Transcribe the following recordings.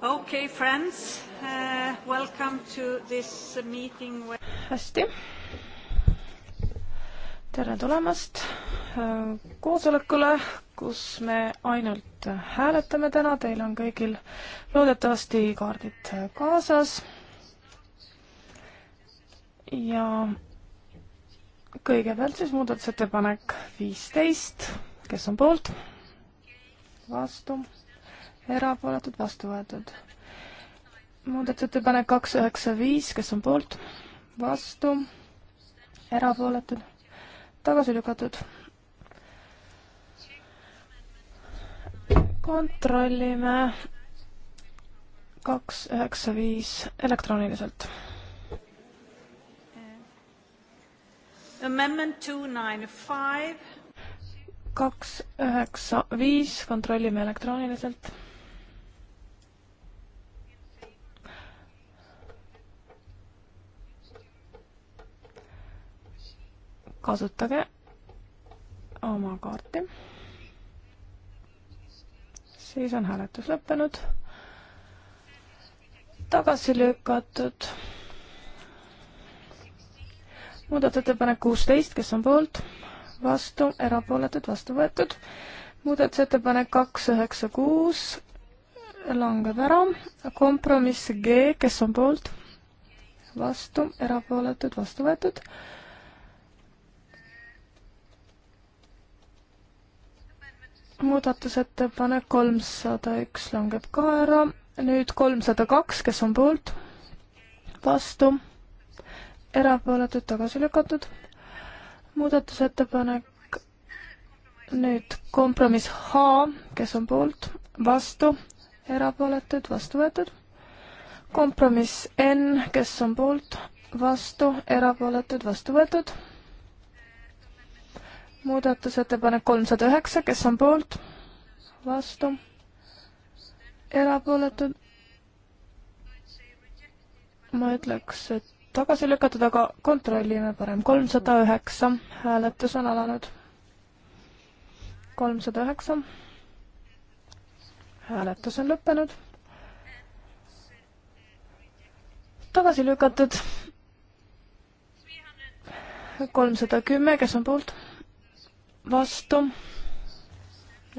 Okay, friends, uh, welcome to this meeting. hästi. tere tulemast äh, koosolekule, kus me ainult hääletame täna, teil on kõigil loodetavasti kaardid kaasas. ja kõigepealt siis muudatusettepanek viisteist, kes on poolt? vastu erapooletud, vastu võetud. muudatusettepanek kaks üheksa viis, kes on poolt, vastu, erapooletud, tagasi lükatud. kontrollime kaks üheksa viis elektrooniliselt. Amendment two nine five kaks üheksa viis, kontrollime elektrooniliselt kasutage oma kaarti. siis on hääletus lõppenud. tagasi lükatud. muudatusettepanek kuusteist, kes on poolt, vastu, erapooletud, vastu võetud. muudatusettepanek kaks üheksa kuus langeb ära. kompromiss G, kes on poolt, vastu, erapooletud, vastu võetud muudatusettepanek kolmsada üks langeb ka ära, nüüd kolmsada kaks, kes on poolt, vastu, erapooletud, tagasi lükatud, muudatusettepanek nüüd kompromiss H, kes on poolt, vastu, erapooletud, vastu võetud, kompromiss N, kes on poolt, vastu, erapooletud, vastu võetud muudatusettepanek kolmsada üheksa, kes on poolt, vastu, erapooletud. ma ütleks, et tagasi lükatud, aga kontrollime parem. kolmsada üheksa, hääletus on alanud. kolmsada üheksa, hääletus on lõppenud. tagasi lükatud kolmsada kümme, kes on poolt? vastu,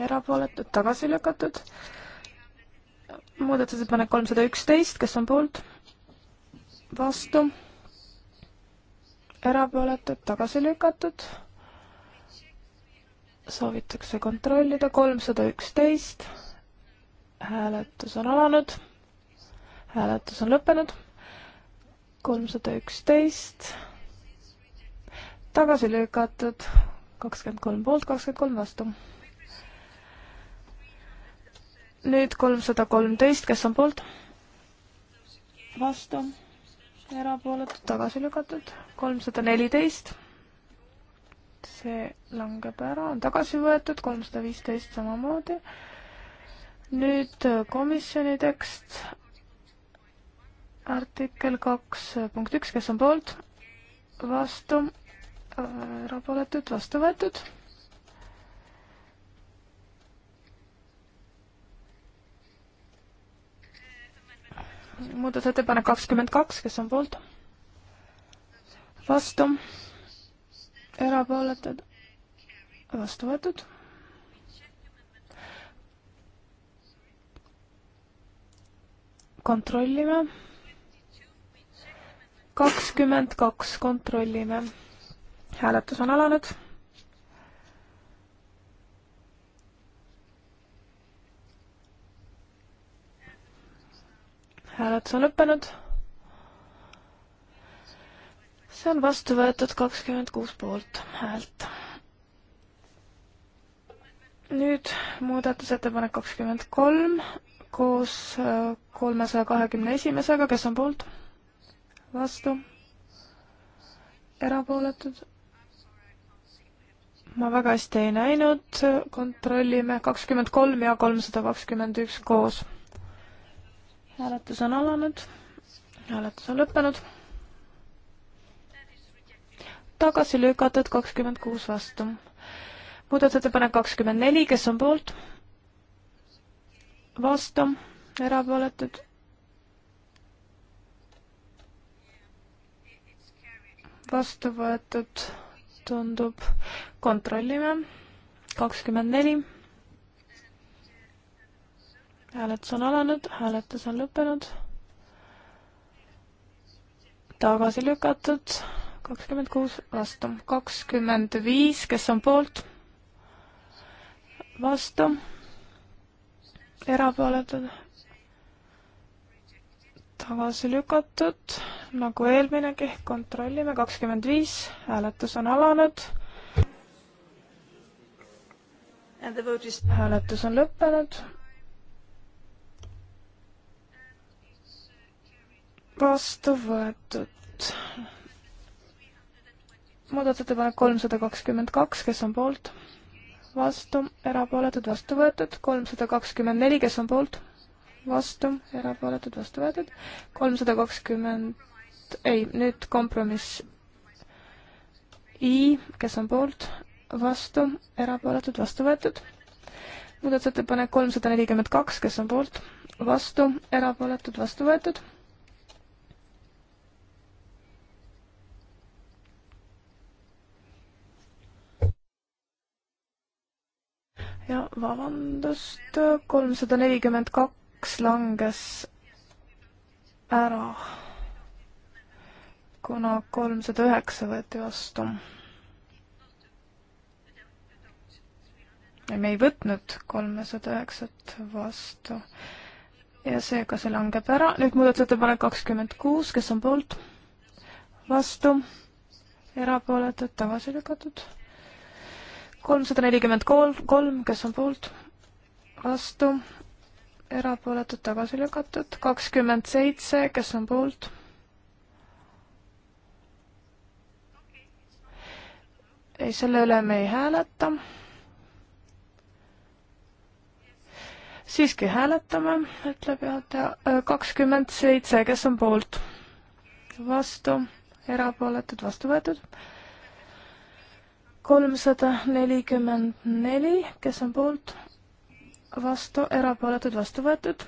erapooletud, tagasi lükatud. muudatusettepanek kolmsada üksteist, kes on poolt, vastu, erapooletud, tagasi lükatud. soovitakse kontrollida, kolmsada üksteist, hääletus on alanud, hääletus on lõppenud, kolmsada üksteist, tagasi lükatud kakskümmend kolm poolt, kakskümmend kolm vastu. nüüd kolmsada kolmteist, kes on poolt? vastu, erapooletud, tagasi lükatud, kolmsada neliteist. see langeb ära, on tagasi võetud, kolmsada viisteist samamoodi. nüüd komisjoni tekst, artikkel kaks punkt üks, kes on poolt? vastu, erapooletud, vastu võetud. muudatusettepanek kakskümmend kaks, kes on poolt? vastu, erapooletud, vastu võetud kontrollime. kakskümmend kaks, kontrollime hääletus on alanud. hääletus on lõppenud. see on vastu võetud kakskümmend kuus poolt häält. nüüd muudatusettepanek kakskümmend kolm koos äh, kolmesaja kahekümne esimesega, kes on poolt? vastu? erapooletud? ma väga hästi ei näinud, kontrollime kakskümmend kolm ja kolmsada kakskümmend üks koos. hääletus on alanud, hääletus on lõppenud. tagasi lükatud kakskümmend kuus vastu. muudatusettepanek kakskümmend neli, kes on poolt? vastu, erapooletud vastu võetud tundub, kontrollime, kakskümmend neli. hääletus on alanud, hääletus on lõppenud. tagasi lükatud, kakskümmend kuus vastu, kakskümmend viis, kes on poolt? vastu, erapooletud tagasi lükatud, nagu eelminegi, kontrollime, kakskümmend viis, hääletus on alanud. Is... hääletus on lõppenud. vastu võetud. muudatusettepanek kolmsada kakskümmend kaks, kes on poolt? vastu, erapooletud, vastu võetud, kolmsada kakskümmend neli, kes on poolt? vastu, erapooletud, vastu võetud, kolmsada kakskümmend, ei, nüüd kompromiss I, kes on poolt, vastu, erapooletud, vastu võetud, muudatusettepanek kolmsada nelikümmend kaks, kes on poolt, vastu, erapooletud, vastu võetud ja vabandust, kolmsada nelikümmend kaks kaks langes ära, kuna kolmsada üheksa võeti vastu. ja me ei võtnud kolmesada üheksat vastu. ja seega see langeb ära, nüüd muudatusettepanek kakskümmend kuus, kes on poolt? vastu, erapooletud, tagasi lükatud. kolmsada nelikümmend kolm, kes on poolt? vastu, erapooletud tagasi lükatud, kakskümmend seitse, kes on poolt? ei, selle üle me ei hääleta. siiski hääletame, ütleb juhataja, äh, kakskümmend seitse, kes on poolt? vastu, erapooletud, vastu võetud. kolmsada nelikümmend neli, kes on poolt? vastu, erapooletud, vastu võetud.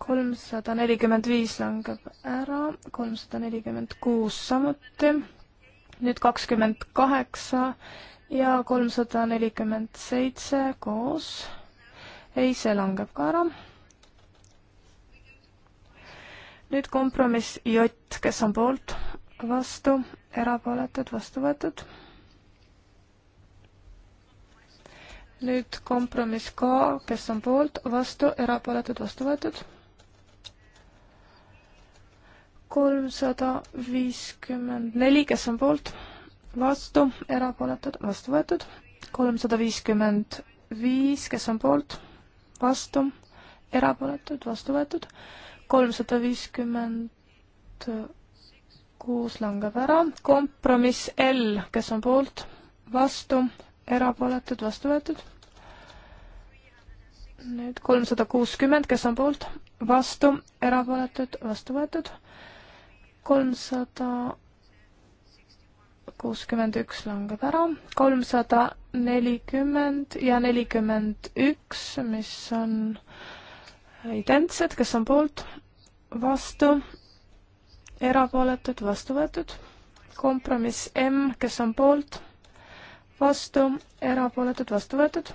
kolmsada nelikümmend viis langeb ära, kolmsada nelikümmend kuus samuti, nüüd kakskümmend kaheksa ja kolmsada nelikümmend seitse koos. ei, see langeb ka ära. nüüd kompromiss J, kes on poolt, vastu, erapooletud, vastu võetud nüüd kompromiss K, kes on poolt, vastu, erapooletud, vastu võetud. kolmsada viiskümmend neli, kes on poolt, vastu, erapooletud, vastu võetud. kolmsada viiskümmend viis, kes on poolt, vastu, erapooletud, vastu võetud. kolmsada viiskümmend kuus langeb ära. kompromiss L, kes on poolt, vastu erapooletud, vastu võetud. nüüd kolmsada kuuskümmend, kes on poolt, vastu, erapooletud, vastu võetud. kolmsada kuuskümmend üks langeb ära, kolmsada nelikümmend ja nelikümmend üks, mis on identsed, kes on poolt, vastu, erapooletud, vastu võetud. kompromiss M, kes on poolt vastu, erapooletud, vastu võetud.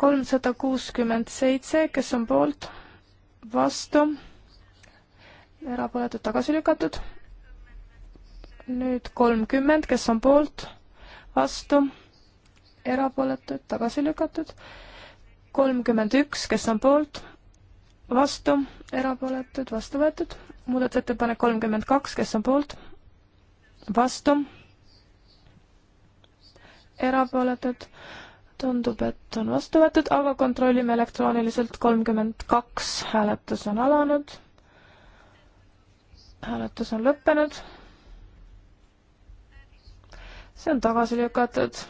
kolmsada kuuskümmend seitse, kes on poolt, vastu, erapooletud, tagasi lükatud. nüüd kolmkümmend, kes on poolt, vastu, erapooletud, tagasi lükatud. kolmkümmend üks, kes on poolt, vastu, erapooletud, vastu võetud. muudatusettepanek kolmkümmend kaks, kes on poolt, vastu erapooletud, tundub, et on vastu võetud, aga kontrollime elektrooniliselt, kolmkümmend kaks hääletus on alanud. hääletus on lõppenud. see on tagasi lükatud.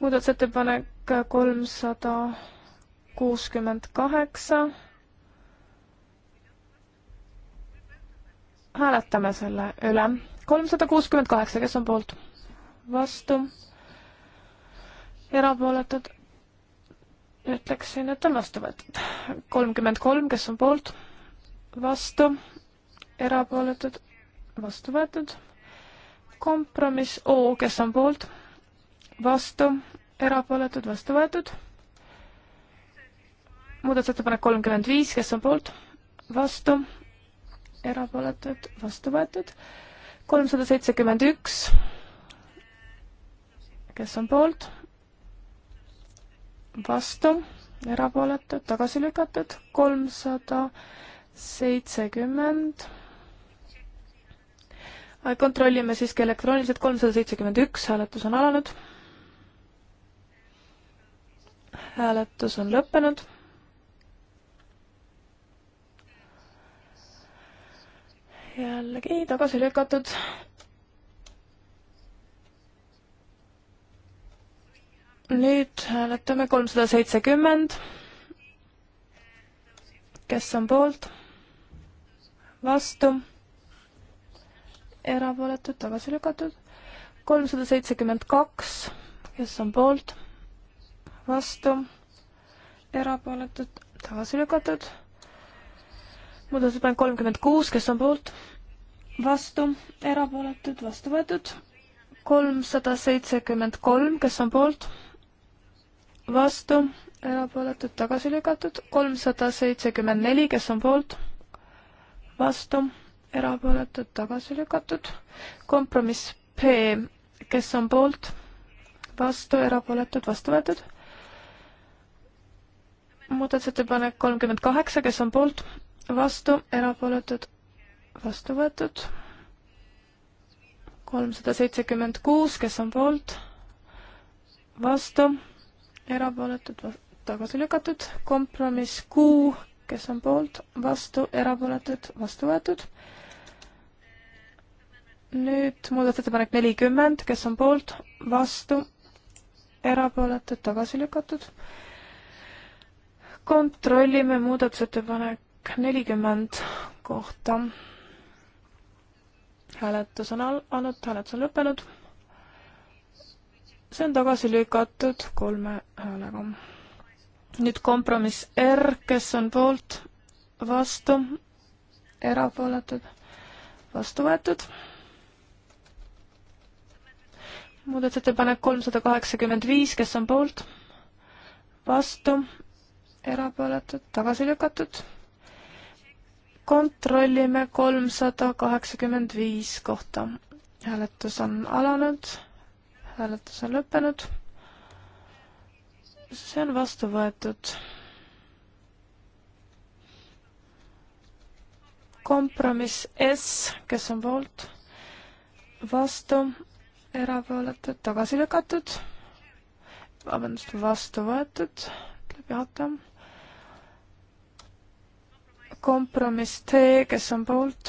muudatusettepanek kolmsada kuuskümmend kaheksa hääletame selle üle. kolmsada kuuskümmend kaheksa, kes on poolt? vastu, erapooletud, ütleksin, et on vastu võetud. kolmkümmend kolm, kes on poolt, vastu, erapooletud, vastu võetud. kompromiss O, kes on poolt, vastu, erapooletud, vastu võetud. muudatusettepanek kolmkümmend viis, kes on poolt, vastu, erapooletud, vastu võetud. kolmsada seitsekümmend üks kes on poolt, vastu, erapooletud, tagasi lükatud, kolmsada seitsekümmend. kontrollime siiski elektrooniliselt, kolmsada seitsekümmend üks, hääletus on alanud. hääletus on lõppenud jällegi tagasi lükatud nüüd hääletame kolmsada seitsekümmend. kes on poolt? vastu? erapooletud, tagasi lükatud. kolmsada seitsekümmend kaks, kes on poolt? vastu? erapooletud, tagasi lükatud. muudatusettepanek kolmkümmend kuus, kes on poolt? vastu? erapooletud, vastu võetud. kolmsada seitsekümmend kolm, kes on poolt? vastu, erapooletud, tagasi lükatud, kolmsada seitsekümmend neli, kes on poolt, vastu, erapooletud, tagasi lükatud, kompromiss P, kes on poolt, vastu, erapooletud, vastu võetud, muudatusettepanek kolmkümmend kaheksa, kes on poolt, vastu, erapooletud, vastu võetud, kolmsada seitsekümmend kuus, kes on poolt, vastu erapooletud, tagasi lükatud, kompromiss Q, kes on poolt, vastu, erapooletud, vastu võetud. nüüd muudatusettepanek nelikümmend, kes on poolt, vastu, erapooletud, tagasi lükatud. kontrollime muudatusettepanek nelikümmend kohta. hääletus on alanud, hääletus on lõppenud see on tagasi lükatud kolme häälega. nüüd kompromiss R, kes on poolt, vastu, erapooletud, vastu võetud. muudatusettepanek kolmsada kaheksakümmend viis, kes on poolt, vastu, erapooletud, tagasi lükatud. kontrollime kolmsada kaheksakümmend viis kohta. hääletus on alanud hääletus on lõppenud. see on vastu võetud. kompromiss S, kes on poolt, vastu, erapooletud, tagasi lükatud, vabandust, vastu võetud, ütleb juhataja kompromiss T, kes on poolt,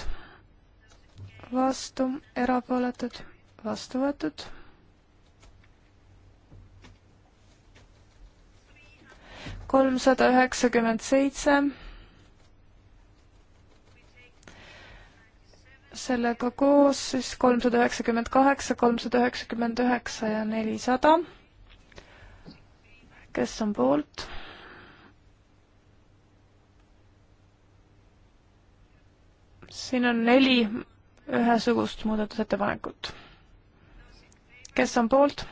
vastu, erapooletud, vastu võetud kolmsada üheksakümmend seitse. sellega koos siis kolmsada üheksakümmend kaheksa, kolmsada üheksakümmend üheksa ja nelisada. kes on poolt? siin on neli ühesugust muudatusettepanekut. kes on poolt?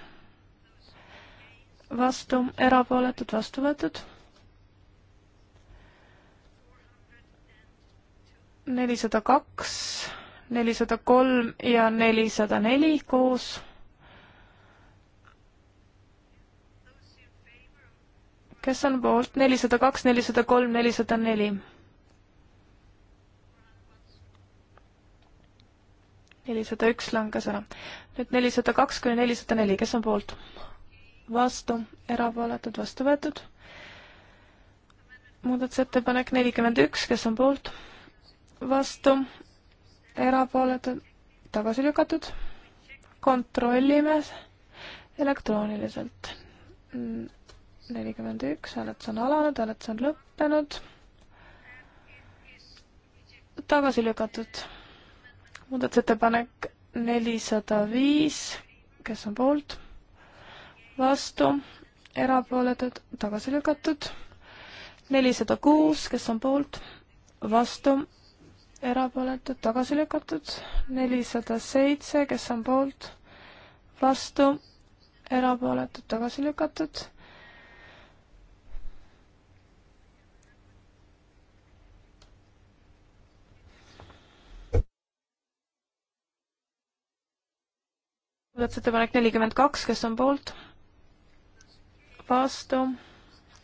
vastu, erapooletud, vastu võetud. nelisada kaks, nelisada kolm ja nelisada neli koos. kes on poolt? nelisada kaks, nelisada kolm, nelisada neli. nelisada üks langes ära. nüüd nelisada kaks kuni nelisada neli, kes on poolt? vastu, erapooletud, vastu võetud. muudatusettepanek nelikümmend üks, kes on poolt, vastu, erapooletud, tagasi lükatud. kontrollime elektrooniliselt. nelikümmend üks, hääletus on alanud, hääletus on lõppenud. tagasi lükatud. muudatusettepanek nelisada viis, kes on poolt vastu, erapooletud, tagasi lükatud. nelisada kuus, kes on poolt, vastu, erapooletud, tagasi lükatud. nelisada seitse, kes on poolt, vastu, erapooletud, tagasi lükatud. muudatusettepanek nelikümmend kaks, kes on poolt, vastu,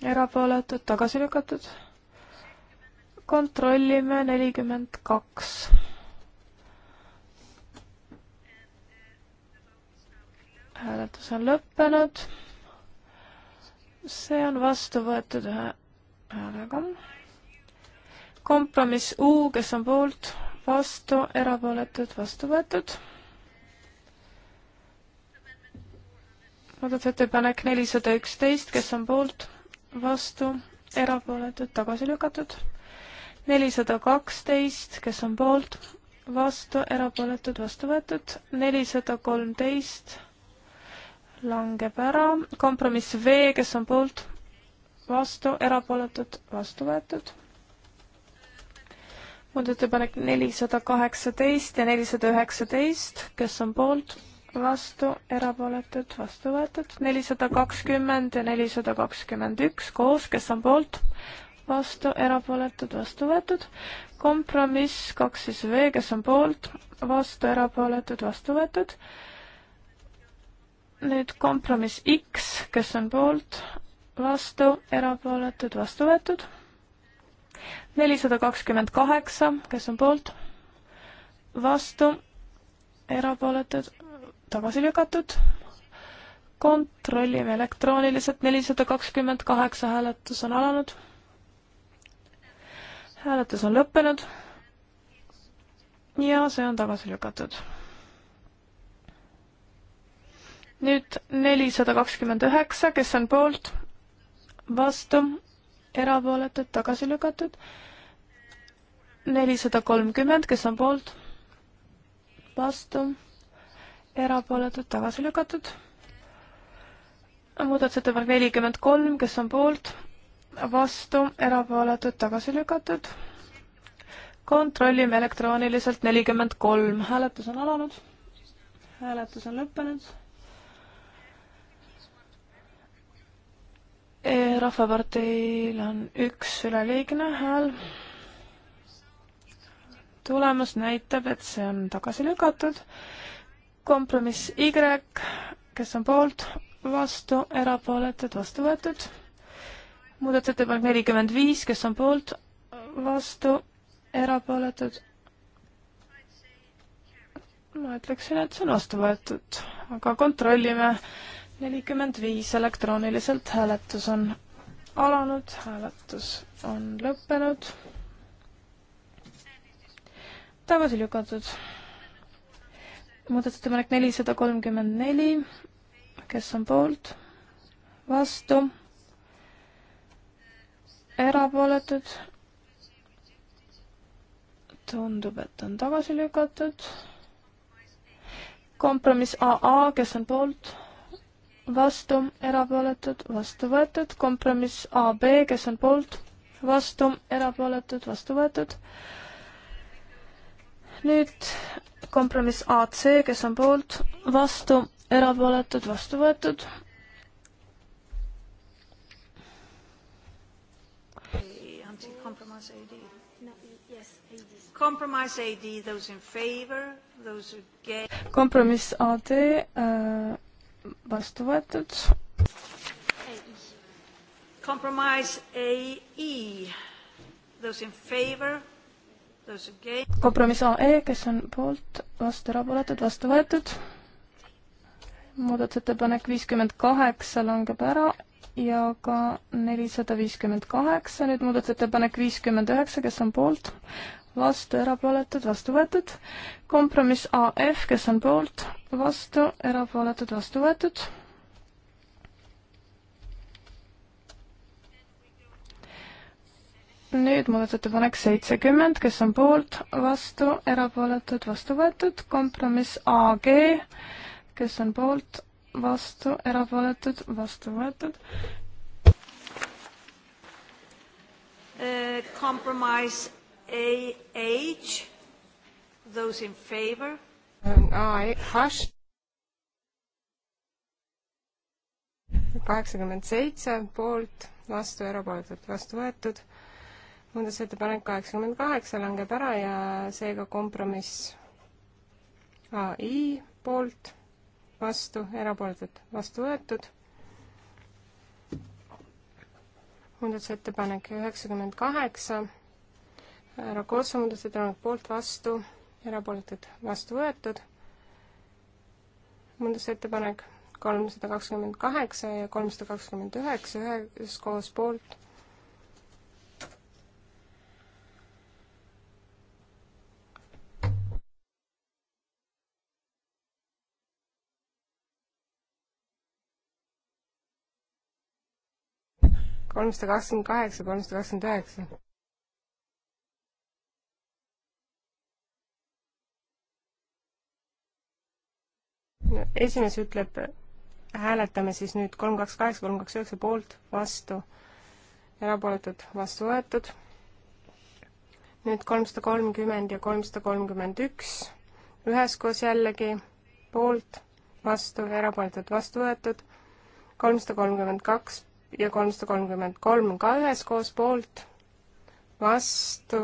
erapooletud, tagasi lükatud. kontrollime nelikümmend kaks. hääletus on lõppenud. see on vastu võetud ühe häälega. kompromiss U, kes on poolt, vastu, erapooletud, vastu võetud muudatusettepanek nelisada üksteist, kes on poolt, vastu, erapooletud, tagasi lükatud. nelisada kaksteist, kes on poolt, vastu, erapooletud, vastu võetud. nelisada kolmteist langeb ära. kompromiss V, kes on poolt, vastu, erapooletud, vastu võetud muudatusettepanek nelisada kaheksateist ja nelisada üheksateist, kes on poolt, vastu, erapooletud, vastu võetud, nelisada kakskümmend ja nelisada kakskümmend üks koos, kes on poolt, vastu, erapooletud, vastu võetud, kompromiss kaks siis V, kes on poolt, vastu, erapooletud, vastu võetud, nüüd kompromiss X, kes on poolt, vastu, erapooletud, vastu võetud, nelisada kakskümmend kaheksa, kes on poolt, vastu, erapooletud, tagasi lükatud. kontrollime elektrooniliselt, nelisada kakskümmend kaheksa hääletus on alanud. hääletus on lõppenud. ja see on tagasi lükatud. nüüd nelisada kakskümmend üheksa, kes on poolt, vastu, erapooletud, tagasi lükatud. nelisada kolmkümmend, kes on poolt, vastu erapooletud, tagasi lükatud. muudatusettepanek nelikümmend kolm, kes on poolt, vastu, erapooletud, tagasi lükatud. kontrollime elektrooniliselt nelikümmend kolm, hääletus on alanud. hääletus on lõppenud. E, rahvaparteil on üks üleliigne hääl tulemus näitab, et see on tagasi lükatud kompromiss Y, kes on poolt, vastu, erapooletud, vastu võetud. muudatusettepanek nelikümmend viis, kes on poolt, vastu, erapooletud. ma ütleksin, et see on vastu võetud, aga kontrollime. nelikümmend viis elektrooniliselt hääletus on alanud, hääletus on lõppenud. tagasi lükatud muudatusettepanek nelisada kolmkümmend neli, kes on poolt, vastu, erapooletud, tundub, et on tagasi lükatud, kompromiss AA, kes on poolt, vastu, erapooletud, vastu võetud, kompromiss AB, kes on poolt, vastu, erapooletud, vastu võetud, nüüd kompromiss AC, kes on poolt, vastu, erapooletud, vastu võetud. kompromiss AD vastu võetud. kompromiss AE, those in favor kompromiss AE, kes on poolt, vastu, erapooletud, vastu võetud. muudatusettepanek viiskümmend kaheksa langeb ära ja ka nelisada viiskümmend kaheksa, nüüd muudatusettepanek viiskümmend üheksa, kes on poolt, vastu, erapooletud, vastu võetud. kompromiss AF, kes on poolt, vastu, erapooletud, vastu võetud nüüd muudatusettepanek seitsekümmend, kes on poolt, vastu, erapooletud, vastu võetud, kompromiss AG, kes on poolt, vastu, erapooletud, vastu võetud. Uh, compromise AH, those in favor. AH. kaheksakümmend seitse poolt, vastu, erapooletult vastu võetud muudatusettepanek kaheksakümmend kaheksa langeb ära ja seega kompromiss ai poolt, vastu, erapooletud, vastu võetud. muudatusettepanek üheksakümmend kaheksa, härra Kossa muudatusettepanek poolt, vastu, erapooletud, vastu võetud. muudatusettepanek kolmsada kakskümmend kaheksa ja kolmsada kakskümmend üheksa üheskoos poolt kolmsada kakskümmend kaheksa, kolmsada kakskümmend üheksa. esimees ütleb, hääletame siis nüüd kolm, kaks, kaheksa, kolm, kaks, üheksa poolt, vastu, erapooletud, vastu võetud. nüüd kolmsada kolmkümmend ja kolmsada kolmkümmend üks, üheskoos jällegi, poolt, vastu, erapooletud, vastu võetud, kolmsada kolmkümmend kaks ja kolmsada kolmkümmend kolm on ka üheskoos poolt, vastu,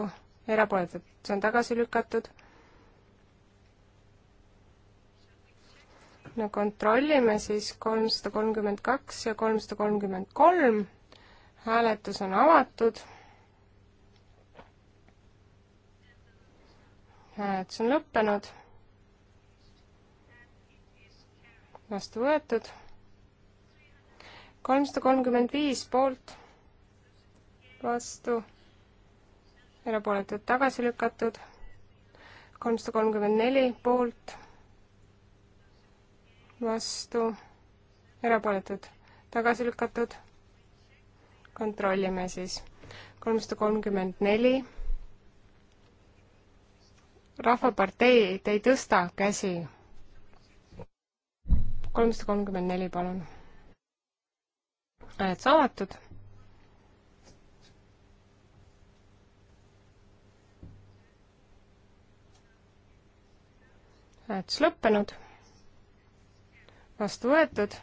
erapooletud, see on tagasi lükatud. no kontrollime siis kolmsada kolmkümmend kaks ja kolmsada kolmkümmend kolm. hääletus on avatud. hääletus on lõppenud. vastu võetud kolmsada kolmkümmend viis poolt, vastu, erapooletud tagasi lükatud, kolmsada kolmkümmend neli poolt, vastu, erapooletud tagasi lükatud, kontrollime siis, kolmsada kolmkümmend neli, Rahvapartei, te ei tõsta käsi. kolmsada kolmkümmend neli, palun hääletus avatud. hääletus lõppenud. vastu võetud.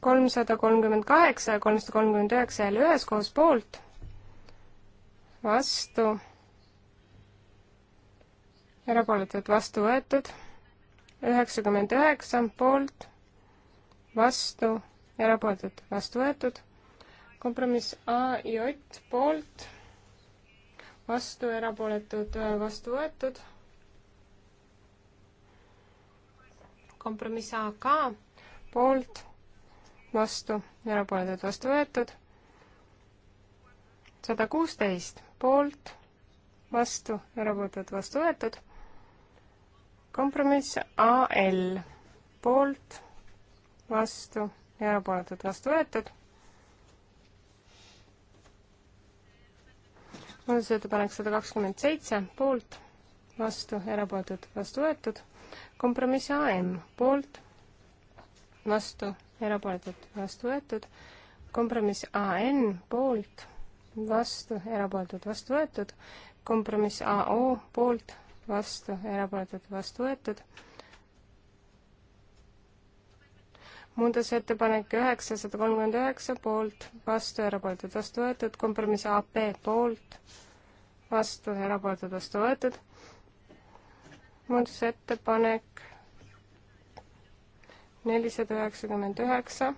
kolmsada kolmkümmend kaheksa ja kolmsada kolmkümmend üheksa jälle üheskoos poolt. vastu. erapooletud vastu võetud. üheksakümmend üheksa poolt. vastu erapooletud, vastu võetud. kompromiss A J poolt, vastu, erapooletud, vastu võetud. kompromiss A K poolt, vastu, erapooletud, vastu võetud. sada kuusteist poolt, vastu, erapooletud, vastu võetud kompromiss AL poolt, vastu, ja erapooletud vastu võetud. muudatusettepanek sada kakskümmend seitse, poolt, vastu, erapooletud, vastu võetud. kompromiss AM, poolt, vastu, erapooletud, vastu võetud. kompromiss AN, poolt, vastu, erapooletud, vastu võetud. kompromiss AO, poolt, vastu, erapooletud, vastu võetud muudatusettepanek üheksasada kolmkümmend üheksa poolt, vastu, erapooletud, vastu võetud, kompromiss AP poolt, vastu, erapooletud, vastu võetud. muudatusettepanek nelisada üheksakümmend üheksa.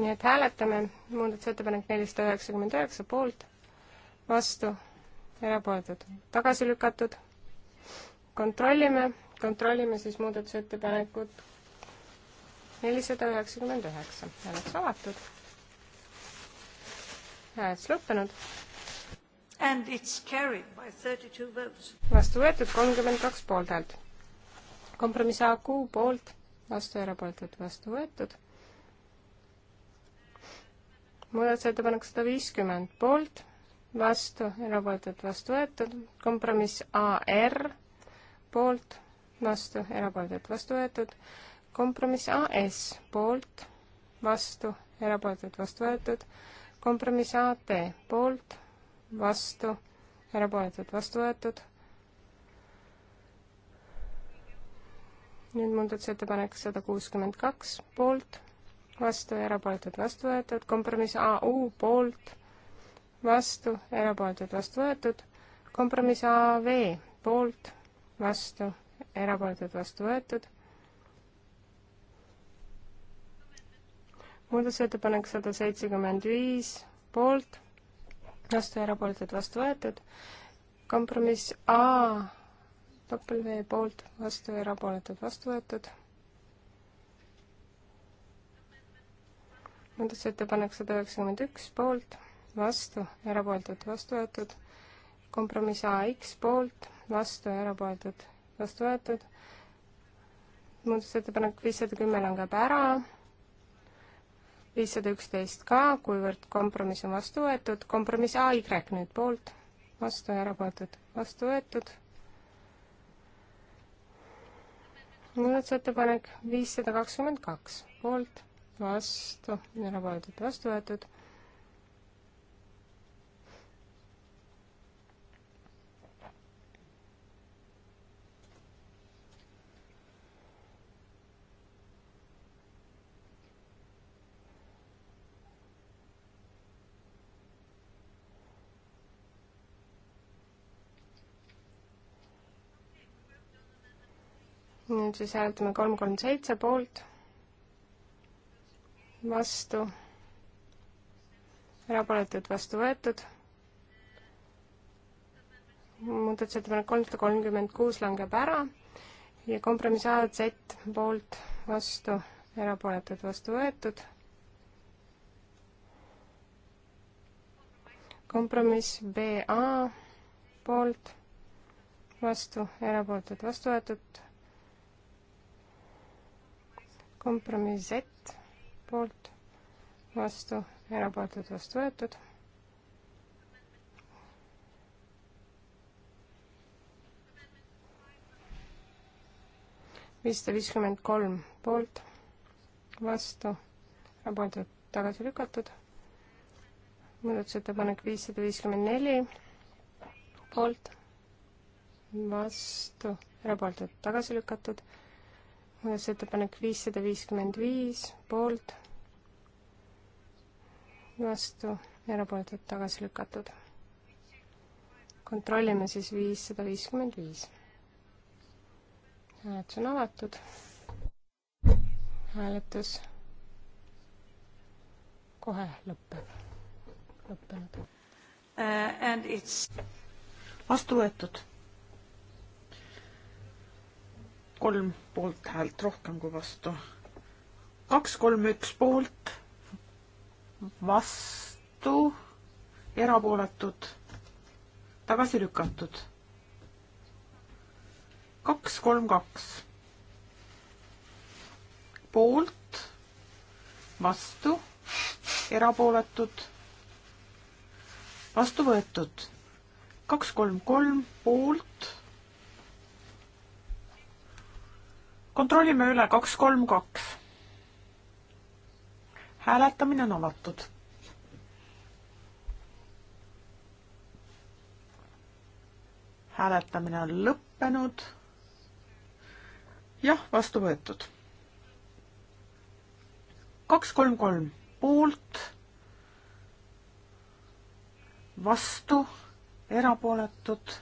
nii et hääletame muudatusettepanek nelisada üheksakümmend üheksa poolt, vastu, erapooletud, tagasi lükatud kontrollime, kontrollime siis muudatusettepanekut nelisada üheksakümmend üheksa. hääletus avatud. hääletus lõppenud. And it's carried by thirty two votes. vastu võetud kolmkümmend kaks poolthäält. kompromiss AQ poolt, vastu erapooletud, vastu võetud. muudatusettepanek sada viiskümmend poolt, vastu erapooletud, vastu võetud. kompromiss AR poolt, vastu, erapooletud, vastu võetud. kompromiss AS, poolt, vastu, erapooletud, vastu võetud. kompromiss AT, poolt, vastu, erapooletud, vastu võetud. nüüd muudatusettepanek sada kuuskümmend kaks, poolt, vastu, erapooletud, vastu võetud. kompromiss AU, poolt, vastu, erapooletud, vastu võetud. kompromiss AV, poolt vastu, erapooletud, vastu võetud. muudatusettepanek sada seitsekümmend viis, poolt, vastu, erapooletud, vastu võetud. kompromiss A, W poolt, vastu, erapooletud, vastu võetud. muudatusettepanek sada üheksakümmend üks, poolt, vastu, erapooletud, vastu võetud kompromiss AX poolt, vastu ja erapooletud, vastu võetud. muudatusettepanek viissada kümme langeb ära, viissada üksteist ka, kuivõrd kompromiss on vastu võetud, kompromiss AY nüüd poolt, vastu ja erapooletud, vastu võetud. muudatusettepanek viissada kakskümmend kaks poolt, vastu, erapooletud, vastu võetud nüüd siis hääletame kolm, kolm, seitse poolt, vastu, erapooletud, vastu võetud. muudatusettepanek kolmsada kolmkümmend kuus langeb ära ja kompromiss AZ poolt, vastu, erapooletud, vastu võetud. kompromiss BA poolt, vastu, erapooletud, vastu võetud kompromiss Z poolt, vastu, erapooletud, vastu võetud. viissada viiskümmend kolm poolt, vastu, erapooletud, tagasi lükatud. muudatusettepanek viissada viiskümmend neli poolt, vastu, erapooletud, tagasi lükatud muudatusettepanek viissada viiskümmend viis poolt, vastu, erapooletud, tagasi lükatud. kontrollime siis viissada viiskümmend viis. hääletus on avatud. hääletus kohe lõpeb, lõppenud uh,. vastu võetud kolm poolt häält rohkem kui vastu. kaks, kolm, üks poolt, vastu, erapooletud, tagasi lükatud. kaks, kolm, kaks. poolt, vastu, erapooletud, vastu võetud. kaks, kolm, kolm poolt kontrollime üle kaks, kolm, kaks. hääletamine on avatud. hääletamine on lõppenud. jah, vastu võetud. kaks, kolm, kolm poolt, vastu, erapooletud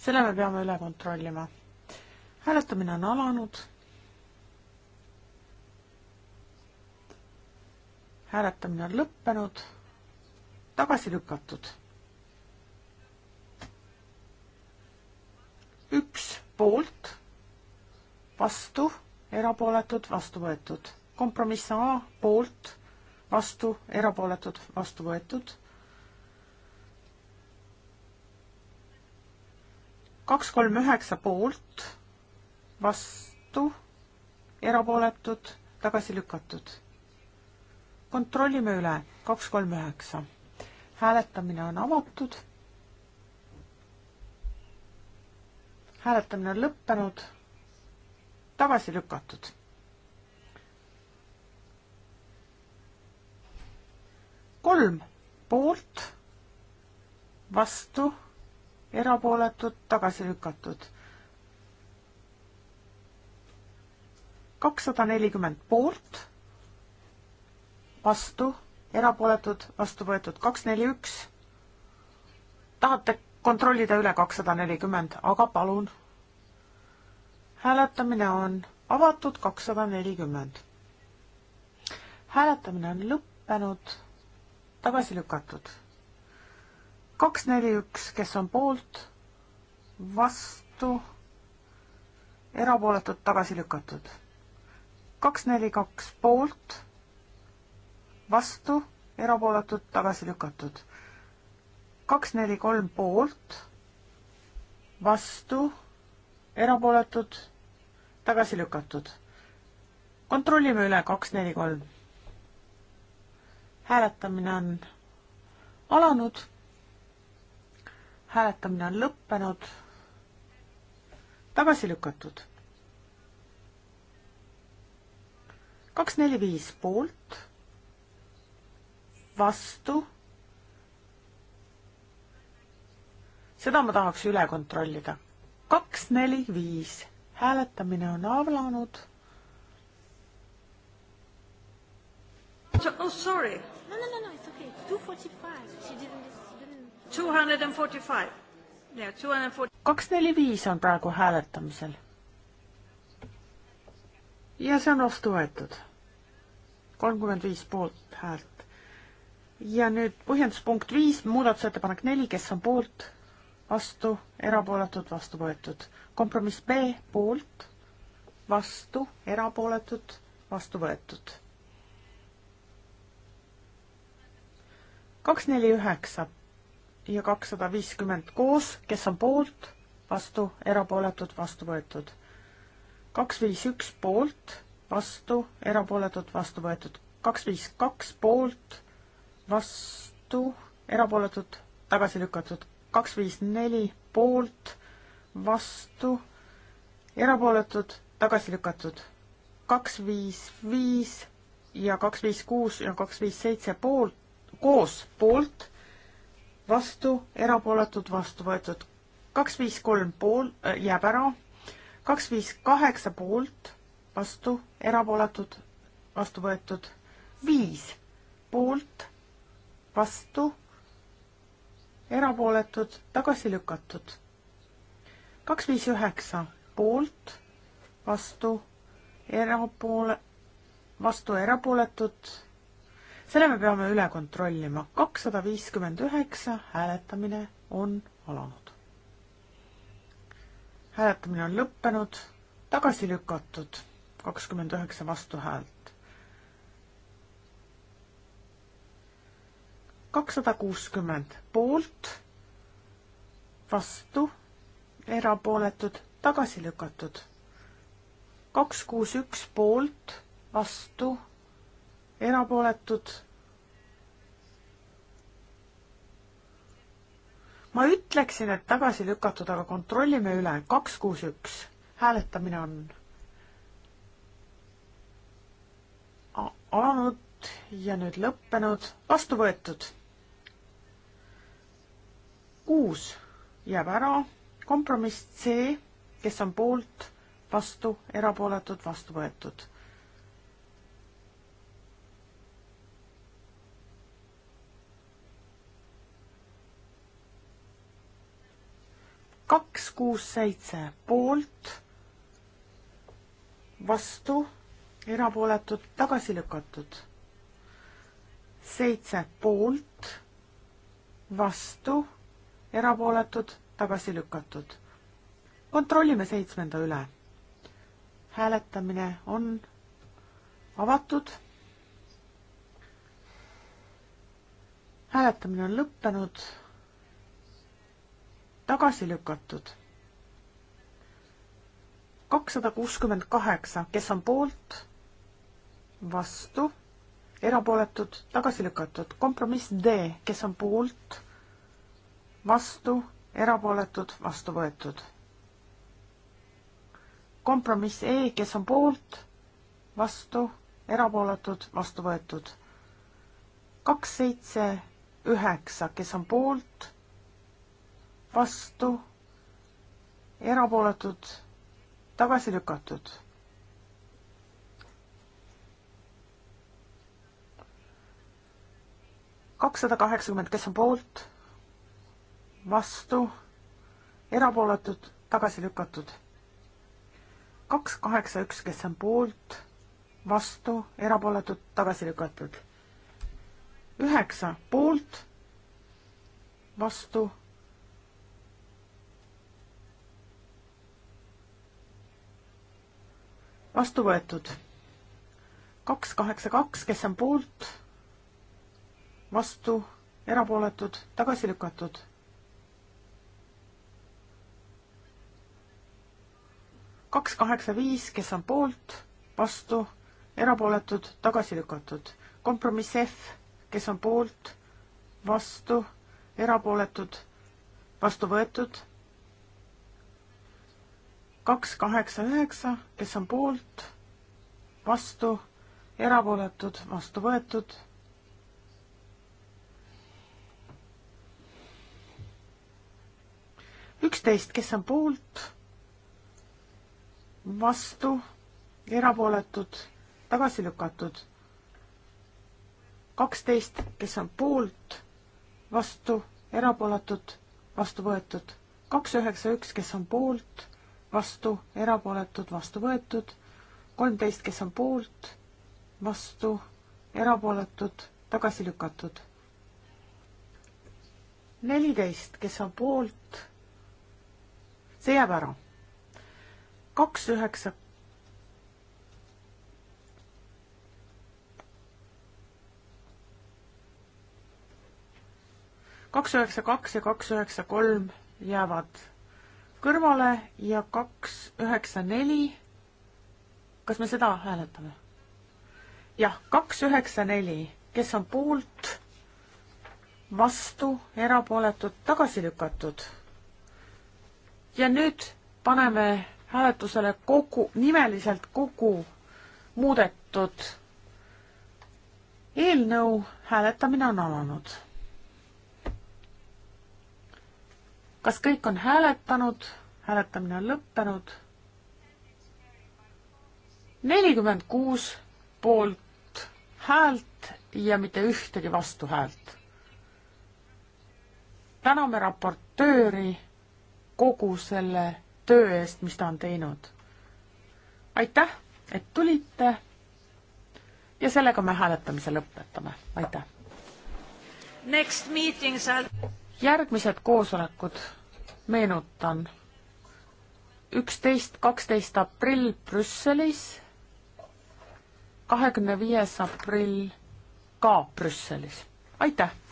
selle me peame üle kontrollima. hääletamine on alanud. hääletamine on lõppenud, tagasi lükatud. üks poolt, vastu, erapooletud, vastu võetud. kompromiss A poolt, vastu, erapooletud, vastu võetud kaks, kolm, üheksa poolt, vastu, erapooletud, tagasi lükatud. kontrollime üle, kaks, kolm, üheksa. hääletamine on avatud. hääletamine on lõppenud, tagasi lükatud kolm poolt, vastu erapooletud, tagasi lükatud. kakssada nelikümmend poolt, vastu, erapooletud, vastu võetud kaks, neli, üks. tahate kontrollida üle kakssada nelikümmend, aga palun. hääletamine on avatud kakssada nelikümmend. hääletamine on lõppenud, tagasi lükatud kaks, neli, üks, kes on poolt, vastu, erapooletud, tagasi lükatud. kaks, neli, kaks poolt, vastu, erapooletud, tagasi lükatud. kaks, neli, kolm poolt, vastu, erapooletud, tagasi lükatud. kontrollime üle, kaks, neli, kolm. hääletamine on alanud hääletamine on lõppenud, tagasi lükatud. kaks, neli, viis poolt, vastu. seda ma tahaks üle kontrollida. kaks, neli, viis, hääletamine on avanud Oh, sorry. No, no, no, no, it's okay. 245. She didn't kaks neli viis on praegu hääletamisel. ja see on vastu võetud. kolmkümmend viis poolt häält. ja nüüd põhjenduspunkt viis, muudatusettepanek neli, kes on poolt, vastu, erapooletud, vastu võetud. kompromiss B poolt, vastu, erapooletud, vastu võetud. kaks neli üheksa ja kakssada viiskümmend kuus, kes on poolt, vastu, erapooletud, vastu võetud. kaks viis üks poolt, vastu, erapooletud, vastu võetud. kaks viis kaks poolt, vastu, erapooletud, tagasi lükatud. kaks viis neli poolt, vastu, erapooletud, tagasi lükatud. kaks viis viis ja kaks viis kuus ja kaks viis seitse poolt, koos poolt vastu, erapooletud, vastu võetud. kaks, viis, kolm pool äh, jääb ära, kaks, viis, kaheksa poolt, vastu, erapooletud, vastu võetud, viis poolt, vastu, erapooletud, tagasi lükatud. kaks, viis, üheksa poolt, vastu, erapoole, vastu erapooletud selle me peame üle kontrollima. kakssada viiskümmend üheksa hääletamine on alanud. hääletamine on lõppenud, tagasi lükatud, kakskümmend üheksa vastuhäält. kakssada kuuskümmend poolt, vastu, erapooletud, tagasi lükatud. kaks kuus üks poolt, vastu erapooletud. ma ütleksin, et tagasi lükatud, aga kontrollime üle. kaks, kuus, üks. hääletamine on alanud ja nüüd lõppenud. vastu võetud. kuus jääb ära. kompromiss C, kes on poolt, vastu, erapooletud, vastu võetud kaks, kuus, seitse poolt, vastu, erapooletud, tagasi lükatud. seitse poolt, vastu, erapooletud, tagasi lükatud. kontrollime seitsmenda üle. hääletamine on avatud. hääletamine on lõppenud tagasi lükatud. kakssada kuuskümmend kaheksa, kes on poolt, vastu, erapooletud, tagasi lükatud. kompromiss D, kes on poolt, vastu, erapooletud, vastu võetud. kompromiss E, kes on poolt, vastu, erapooletud, vastu võetud. kaks, seitse, üheksa, kes on poolt vastu, erapooletud, tagasi lükatud. kakssada kaheksakümmend, kes on poolt, vastu, erapooletud, tagasi lükatud. kaks kaheksa üks, kes on poolt, vastu, erapooletud, tagasi lükatud. üheksa poolt, vastu vastu võetud. kaks, kaheksa, kaks, kes on poolt, vastu, erapooletud, tagasi lükatud. kaks, kaheksa, viis, kes on poolt, vastu, erapooletud, tagasi lükatud. kompromiss F, kes on poolt, vastu, erapooletud, vastu võetud kaks, kaheksa, üheksa, kes on poolt, vastu, erapooletud, vastu võetud. üksteist, kes on poolt, vastu, erapooletud, tagasi lükatud. kaksteist, kes on poolt, vastu, erapooletud, vastu võetud. kaks, üheksa, üks, kes on poolt vastu, erapooletud, vastu võetud, kolmteist, kes on poolt, vastu, erapooletud, tagasi lükatud. neliteist, kes on poolt, see jääb ära. kaks, üheksa. kaks, üheksa, kaks ja kaks, üheksa, kolm jäävad kõrvale ja kaks, üheksa, neli. kas me seda hääletame? jah, kaks, üheksa, neli, kes on poolt, vastu, erapooletud, tagasi lükatud. ja nüüd paneme hääletusele kogu, nimeliselt kogu muudetud eelnõu hääletamine on alanud kas kõik on hääletanud? hääletamine on lõppenud. nelikümmend kuus poolt häält ja mitte ühtegi vastuhäält. täname raportööri kogu selle töö eest, mis ta on teinud. aitäh, et tulite. ja sellega me hääletamise lõpetame, aitäh. Next meetings are järgmised koosolekud, meenutan, üksteist, kaksteist aprill Brüsselis, kahekümne viies aprill ka Brüsselis. aitäh!